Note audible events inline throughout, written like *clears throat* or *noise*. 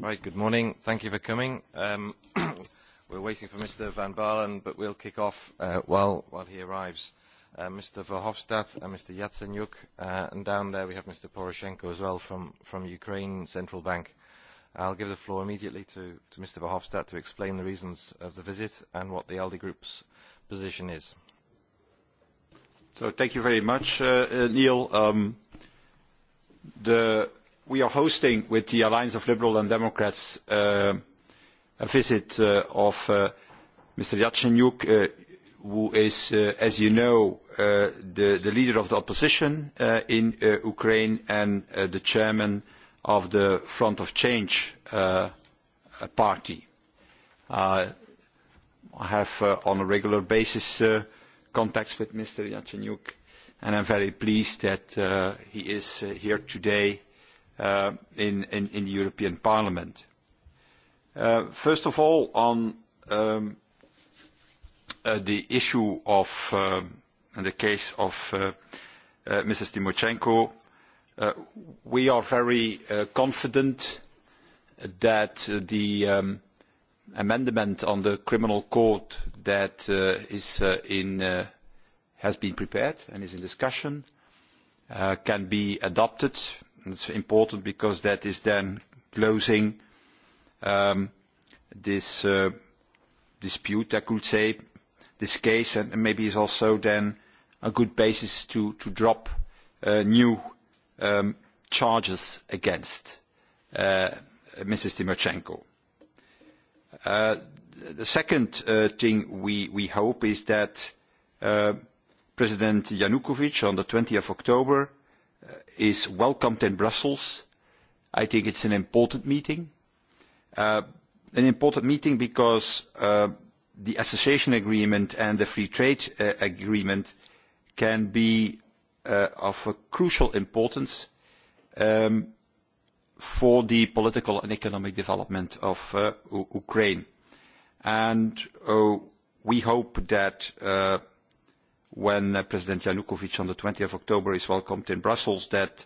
Right, good morning. Thank you for coming. Um, *clears throat* we're waiting for Mr. Van Balen, but we'll kick off uh, while, while he arrives. Uh, Mr. Verhofstadt and Mr. Yatsenyuk, uh, and down there we have Mr. Poroshenko as well from, from Ukraine Central Bank. I'll give the floor immediately to, to Mr. Verhofstadt to explain the reasons of the visit and what the ALDE Group's position is. So thank you very much, uh, uh Neil. Um, the we are hosting with the Alliance of Liberals and Democrats uh, a visit uh, of uh, Mr. Yatsenyuk, uh, who is, uh, as you know, uh, the, the, leader of the opposition in Ukraine and the chairman of the Front of Change party. I have on a regular basis contacts with Mr. Yatsenyuk, and I am very pleased that he is here today Uh, in, in, the European Parliament. Uh, first of all, on um, uh, the issue of the case of Mrs. Tymoshenko, we are very confident that the um, amendment on the criminal code that has been prepared and is in discussion can be adopted is important because that is then closing um, this uh, dispute, I could say, this case, and maybe is also then a good basis to, drop uh, new um, charges against uh, Mrs. Tymoshenko. the second thing we, we hope is that President Yanukovych on the 20th of October Uh, is welcomed in Brussels. I think it's an important meeting. Uh, an important meeting because uh, the association agreement and the free trade uh, agreement can be uh, of crucial importance um, for the political and economic development of uh, Ukraine. And we hope that when uh, President Yanukovych on the 20 of October is welcomed in Brussels that,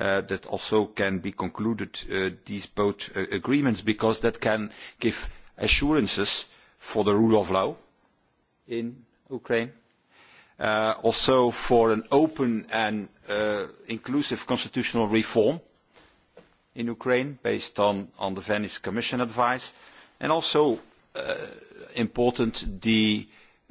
uh, that also can be concluded uh, these both uh, agreements because that can give assurances for the rule of law in Ukraine, uh, also for an open and uh, inclusive constitutional reform in Ukraine based on, on the Venice Commission advice, and also important the uh,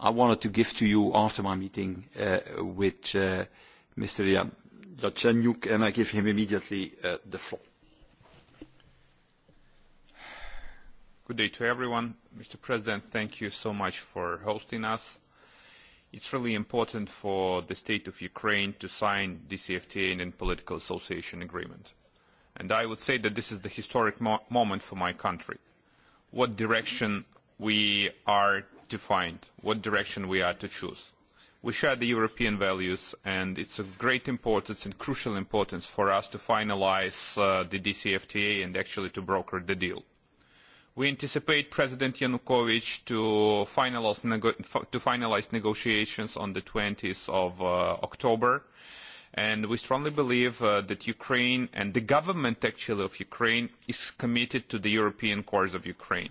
i wanted to give to you after my meeting uh, with Mr Mr. Yatsenyuk, and I give him immediately uh, the floor. Good day to everyone. Mr. President, thank you so much for hosting us. It's really important for the state of Ukraine to sign the CFTA and political association agreement. And I would say that this is the historic moment for my country. What direction we are defined what direction we are to choose. We share the European values, and it is of great importance and crucial importance for us to finalise uh, the DCFTA and actually to broker the deal. We anticipate President Yanukovych to finalise nego to negotiations on the 20 of uh, October, and we strongly believe uh, that Ukraine and the government actually of Ukraine is committed to the European cause of Ukraine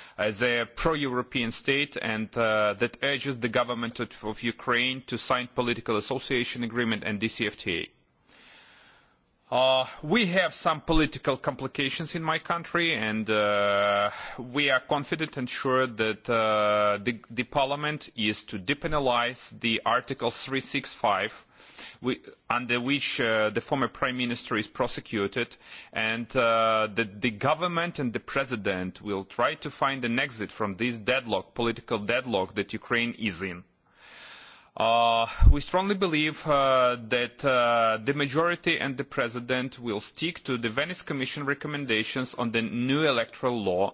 as a pro-European state and uh, that urges the government of, of Ukraine to sign political association agreement and DCFTA. Uh, we have some political complications in my country, and uh, we are confident and sure that uh, the, the parliament is to depenalize the Article 365 under which uh, the former prime minister is prosecuted and uh, the, the government and the president will try to find an exit from this deadlock, political deadlock that Ukraine is in. Uh, we strongly believe uh, that uh, the majority and the president will stick to the Venice Commission recommendations on the new electoral law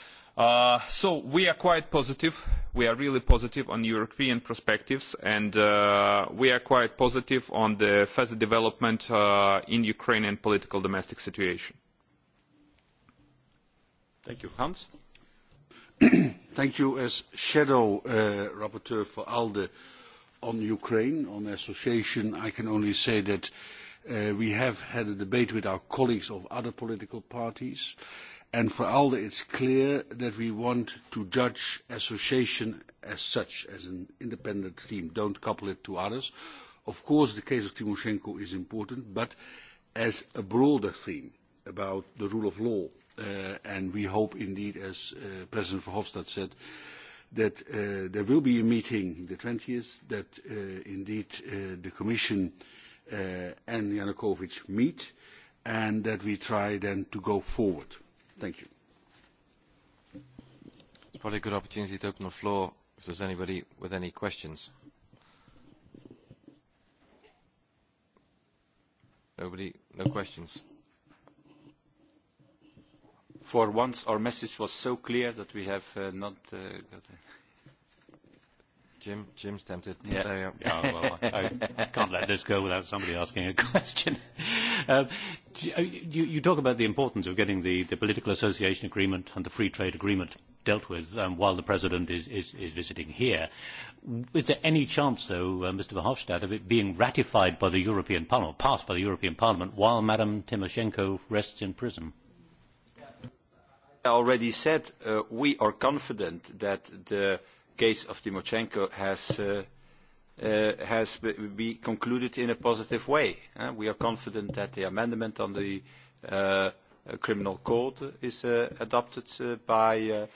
Uh, so we are quite positive. We are really positive on European perspectives, and uh, we are quite positive on the further development uh, in in Ukrainian political domestic situation. Thank you. Hans? *clears throat* Thank you. As shadow rapporteur for ALDE on Ukraine, on association, I can only say that we have had a debate with our colleagues of other political parties And for ALDE, it's clear that we want to judge association as such, as an independent team. Don't couple it to others. Of course, the case of Tymoshenko is important, but as a broader theme about the rule of law, uh, and we hope indeed, as uh, President Verhofstadt said, that uh, there will be a meeting the 20th, that uh, indeed uh, the Commission uh, and Yanukovych meet, and that we try then to go forward. Thank you. It's probably a good opportunity to open the floor if there's anybody with any questions. Nobody? No questions? For once, our message was so clear that we have uh, not uh, got a... Jim, Jim's tempted. Yeah. There you go. Yeah, well, I can't let this go without somebody asking a *laughs* question. Um, you, you talk about the importance of getting the, the political association agreement and the free trade agreement dealt with um, while the president is, is, is visiting here. Is there any chance, though, uh, Mr. Verhofstadt, of it being ratified by the European Parliament, passed by the European Parliament, while Madam Tymoshenko rests in prison? I already said uh, we are confident that the case of Tymoshenko has uh, Uh, has been concluded in a positive way. Uh, we are confident that the amendment on the uh, criminal code is uh, adopted by,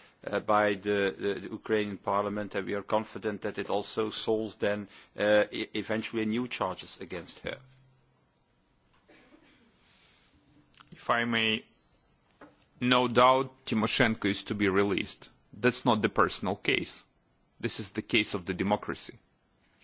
by the, the, the Ukrainian parliament, and we are confident that it also solves then e, eventually new charges against her. If I may, no doubt Tymoshenko is to be released. That's not the personal case. This is the case of the democracy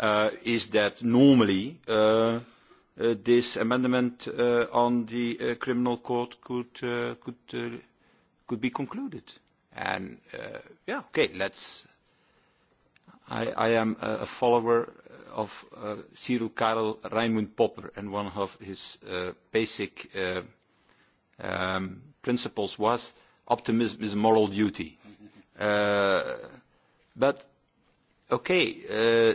uh, is that normally uh, uh this amendment uh, on the uh, criminal court could, could, could be concluded. And uh yeah, okay, let's. I, I am a follower of uh, Cyril Karel Raimund Popper, and one of his uh basic uh um, principles was optimism is moral duty. Uh, but okay, uh,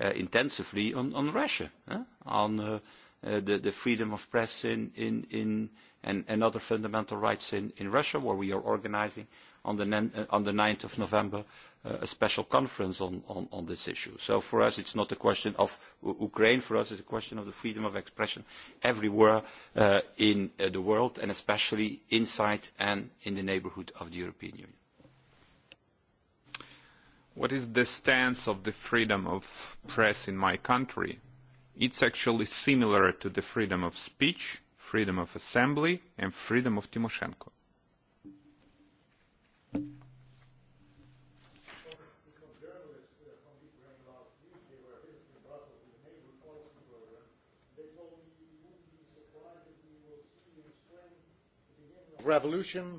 uh, intensively on, on Russia, eh? on uh, uh, the, the freedom of press in, in, in, and, and other fundamental rights in, in Russia, where we are organizing on the, uh, on the 9th of November uh, a special conference on, on, on this issue. So for us, it's not a question of U Ukraine. For us, it's a question of the freedom of expression everywhere uh, in uh, the world, and especially inside and in the neighborhood of the European Union what is the stance of the freedom of press in my country? It's actually similar to the freedom of speech, freedom of assembly, and freedom of Tymoshenko. revolution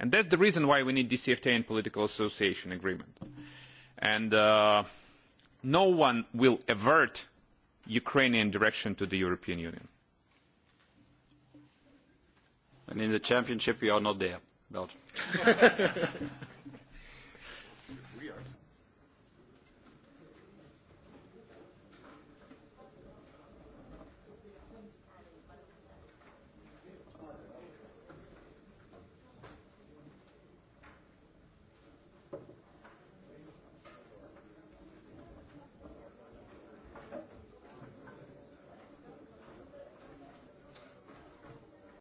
And that's the reason why we need DCFTA and political association agreement. And uh, no one will avert Ukrainian direction to the European Union. And in the championship, we are not there, Belgium. *laughs*